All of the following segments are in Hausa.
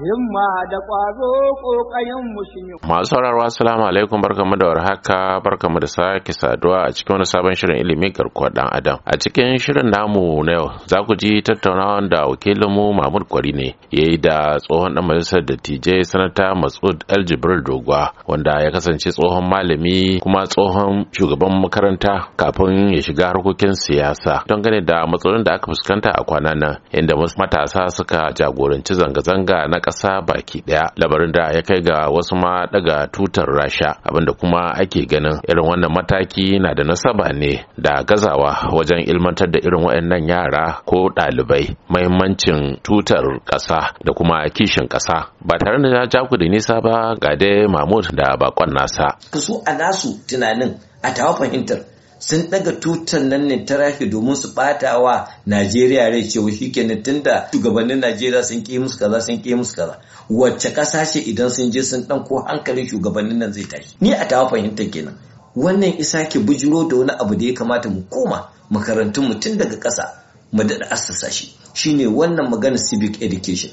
himma da ƙwazo ƙoƙayen mushin Masu sauraro assalamu alaikum barkamu da warhaka barkamu da sake saduwa a cikin wani sabon shirin ilimi garkuwar dan adam. A cikin shirin namu na yau za ku ji tattaunawa da wakilinmu Mahmud Kwari ne ya yi da tsohon dan majalisar dattijai sanata Masud Aljibril Dogwa wanda ya kasance tsohon malami kuma tsohon shugaban makaranta kafin ya shiga harkokin siyasa don gane da matsalolin da aka fuskanta a kwana nan inda matasa suka jagoranci zanga-zanga na ƙasa baki ɗaya labarin da ya kai ga wasu ma daga tutar rasha abinda kuma ake ganin irin wannan mataki na da nasaba ne da gazawa wajen ilmantar da irin waɗannan yara ko ɗalibai mahimmancin tutar ƙasa da kuma kishin ƙasa ba tare da na ja ku da nisa ba ga dai mahmud da bakon nasa su a nasu tunanin a tawa fahimtar sun daga tutan nan ne ta rafi domin su bata wa Najeriya rai cewa shikenan tunda shugabannin Najeriya sun ki musu kaza sun ƙi musu kaza wacce ƙasa ce idan sun je sun ɗan ko hankalin shugabannin nan zai tashi ni a tawa fahimtar kenan wannan isa ke bujiro da wani abu da ya kamata mu koma makarantun mu tun daga ƙasa mu daɗa assasa shi shine wannan magana civic education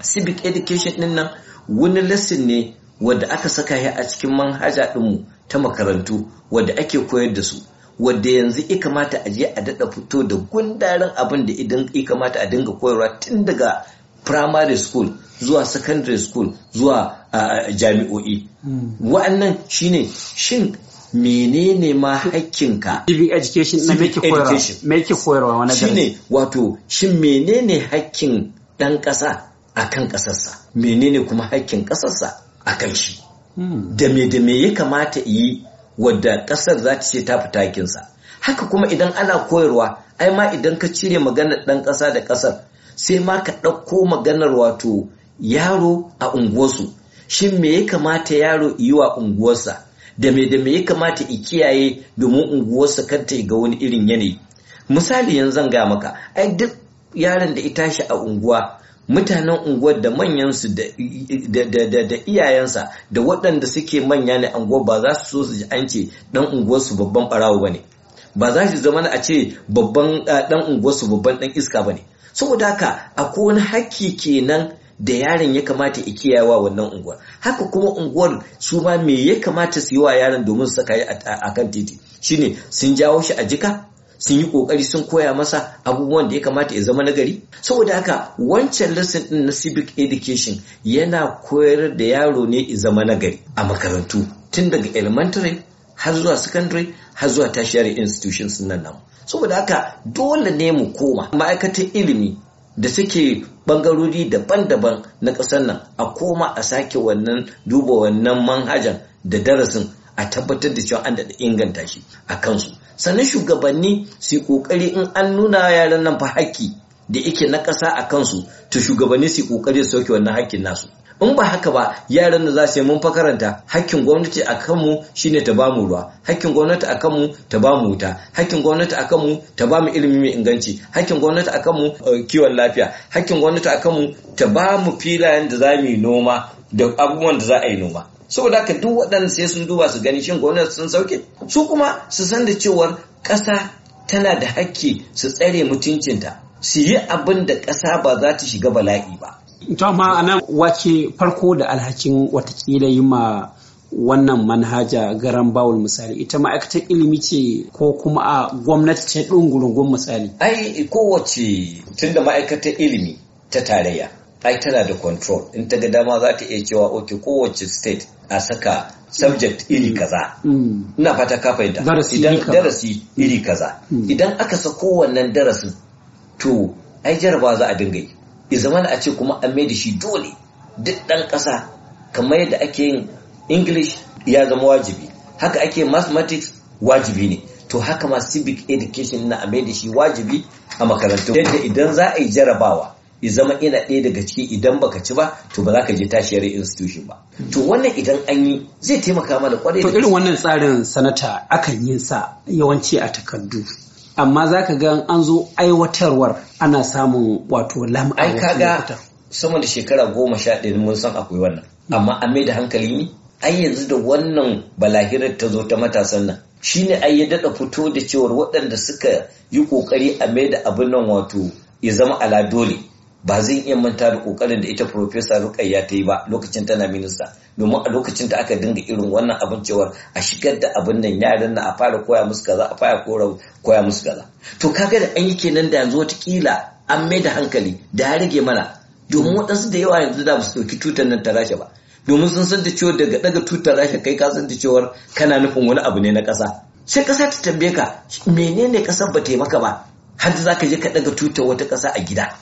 civic education din nan wani lesson ne wadda aka saka ya a cikin manhaja ɗinmu ta makarantu wadda ake koyar da su wadda yanzu ya kamata a je a daɗa fito da gundarin abin da ya kamata a dinga koyarwa tun daga primary school zuwa secondary school zuwa jami'o'i hmm. wa'annan shine shin menene ma hakkinka civic education na me ke koyarwa wani shine wato shin menene hakkin ɗan ƙasa akan ƙasarsa menene kuma hakkin ƙasarsa a kan shi hmm. da me da me ya kamata yi wadda ƙasar za ta ce ta fi takinsa haka kuma idan ana koyarwa ai ma idan ka cire maganar ɗan ƙasa da ƙasar sai ma ka ɗauko maganar wato yaro a unguwarsu shin me ya kamata yaro yi wa unguwarsa da me da me ya kamata i kiyaye domin unguwarsa kar ta ga wani irin yanayi misali yanzu zan ga maka ai duk yaron da ya tashi a unguwa mutanen unguwar da manyansu da iyayensa da waɗanda suke manya ne unguwar ba za su so su ji an ce ɗan unguwarsu babban ɓarawo ba ne ba za su zama a ce babban ɗan unguwarsu babban ɗan iska ba ne saboda haka akwai wani hakki kenan da yaron ya kamata ya kiyayewa wannan unguwar haka kuma unguwar su ma me ya kamata su yi wa yaron domin su saka a kan titi shine sun jawo shi a jika sun yi kokari sun koya masa abubuwan da ya kamata ya zama nagari saboda haka wancan lesson din na civic education yana koyar da yaro ne ya zama nagari a makarantu tun daga elementary har zuwa secondary har zuwa tertiary institutions nan nan saboda haka dole ne mu koma ma'aikatan ilimi da suke bangarori daban-daban na ƙasar nan a koma a sake wannan duba wannan manhajan da darasin a tabbatar da cewa an da inganta shi a kansu sannan shugabanni su kokari in an nuna yaran nan fa haƙƙi da yake na ƙasa a kansu to shugabanni su kokari su sauke wannan haƙƙin nasu in ba haka ba yaran da za su yi mun fakaranta haƙƙin gwamnati a kanmu shine ta ba mu ruwa haƙƙin gwamnati a kanmu ta ba mu wuta haƙƙin gwamnati a kanmu ta mu ilimi mai inganci haƙƙin gwamnati a kanmu eh, kiwon lafiya haƙƙin gwamnati a kanmu ta ba mu filayen da za mu yi noma da abubuwan da za a yi noma saboda haka duk waɗanda sai sun duba su gani shin gwamnati sun sauke su kuma su san da cewar ƙasa tana da hakki su tsare mutuncinta su yi abin da ƙasa ba za ta shiga bala'i ba. To amma nan wace farko da alhakin watakila yi ma wannan manhaja garan bawul misali ita ma'aikatar ilimi ce ko kuma a gwamnati ce ɗungurungun misali. Ai kowace tunda ma'aikatar ilimi ta tarayya ai tana da control in ta ga dama za ta iya cewa oke kowace state a saka subject iri kaza mm. ina fata ka fahimta idan darasi iri mm. kaza mm. idan aka sa wannan darasin to ai jaraba za a dinga yi ya zama a ce kuma an mai da shi dole duk ɗan ƙasa kamar yadda ake yin english ya zama wajibi haka ake mathematics wajibi ne to haka ma civic education na a mai da shi wajibi a makarantu yadda idan za a yi jarabawa ya zama ina ɗaya daga ciki idan baka ci ba to ba za ka je tashiyar institution ba to wannan idan an yi zai taimaka mana kwarai to irin wannan tsarin sanata akan yin sa yawanci a takardu amma za ka ga an zo aiwatarwar ana samun wato lamu ai ga sama da shekara goma sha ɗaya mun san akwai wannan hmm. amma an mai da hankali ne ai yanzu da wannan balahirar ta zo ta matasan nan shine ai ya daɗa fito da cewar waɗanda suka yi ƙoƙari a mai da abin nan wato ya zama ala dole ba zai iya manta da kokarin da ita Profesa Rukayya ta yi ba lokacin tana minista domin a lokacin da aka dinga irin wannan abin cewar a shigar da abin nan yaran nan a fara koya musu kaza a fara koya musu kaza to kaga da an yi kenan da yanzu kila an mai da hankali da ya rage mana domin waɗansu da yawa yanzu da su ɗauki tutar nan ta rasha ba domin sun san da cewa daga daga tutar rasha kai ka san da cewar kana nufin wani abu ne na ƙasa sai ƙasa ta tambaye ka menene ƙasar ba ta yi maka ba har za ka je ka daga tutar wata ƙasa a gida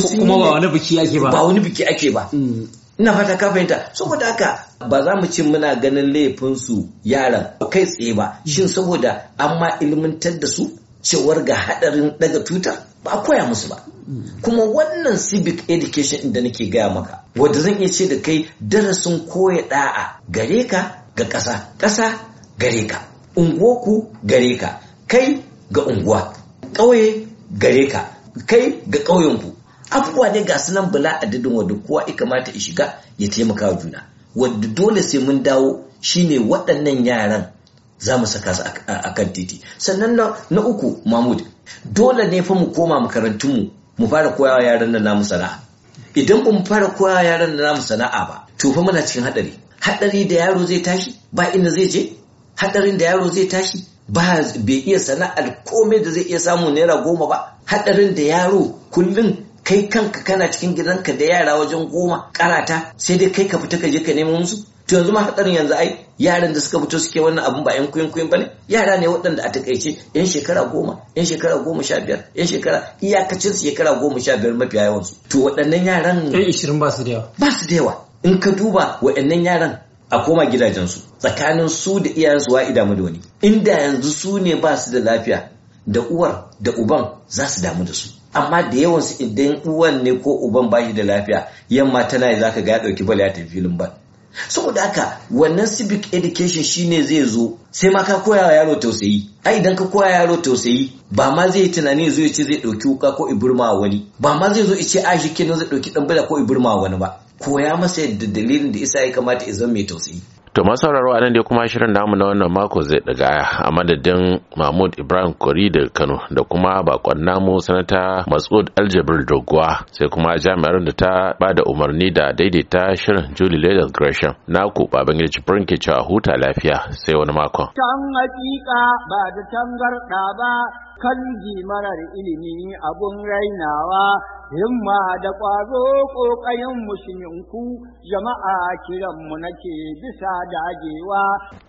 to kuma ba wani biki ake ba ba wani biki ake ba mm. ina fata ka fahimta saboda haka ba za mu ci muna ganin laifin su yaran kai tsaye ba mm. shin saboda an ma ilmantar da su cewar ga hadarin daga tuta. ba a koya musu ba mm. kuma wannan civic education da nake gaya maka wadda zan iya ce da kai darasin koya da'a gare ka ga ƙasa ƙasa gare ka ku gare ka kai ga unguwa ƙauye gare ka kai ga ƙauyenku abubuwa ne ga sunan bala a dadin wadda kowa ya kamata ya shiga ya taimaka wa juna wadda dole sai mun dawo shine waɗannan yaran za mu saka su a kan titi sannan na uku mahmud dole ne fa mu koma makarantunmu mu fara koyawa yaran nan namu sana'a idan ba mu fara koyawa yaran nan namu sana'a ba to fa muna cikin haɗari haɗari da yaro zai tashi ba inda zai je haɗarin da yaro zai tashi ba bai iya sana'ar komai da zai iya samu naira goma ba haɗarin da yaro kullum kai kanka kana cikin gidanka da yara wajen goma karata sai dai kai ka fita ka je ka nemo musu to yanzu ma hatsarin yanzu ai yaran da suka fito suke wannan abun ba yan kuyin kuyin bane yara ne waɗanda a takaice yan shekara goma yan shekara goma sha biyar yan shekara iyakacin shekara goma sha biyar mafiya yawansu to waɗannan yaran yan ishirin ba su da yawa ba su da yawa in ka duba waɗannan yaran a koma gidajensu tsakanin su da iyayensu wa idamu da wani inda yanzu su ne ba su da lafiya da uwar da uban za su damu da su amma da yawan su idan uwan ne ko uban bashi da lafiya yamma tana yi zaka ga ya dauki bal ya tafi filin bal saboda haka wannan civic education shine zai zo sai ma ka koya yaro tausayi a idan ka koya yaro tausayi ba ma zai tunani zo ce zai dauki wuka ko iburma wani ba ma zai zo ce a shi kenan zai dauki dan bala ko iburma wani ba koya masa yadda dalilin da isa ya kamata ya zama mai tausayi To masauraro a nan dai kuma shirin namu na wannan mako zai daga a madadin Mahmud Ibrahim Kori da Kano da kuma bakon namu sanata Masud Aljabir Doguwa sai kuma jami'ar da ta ba da umarni da daidaita shirin Julie Leland Gresham. Na ku Babangida Cifirin ke cewa huta lafiya sai wani makon. an hakika ba da tangarda ba Kan marar ilimi abun rainawa himma da ƙwazo ƙoƙarin musulminku jama'a kiranmu nake bisa dagewa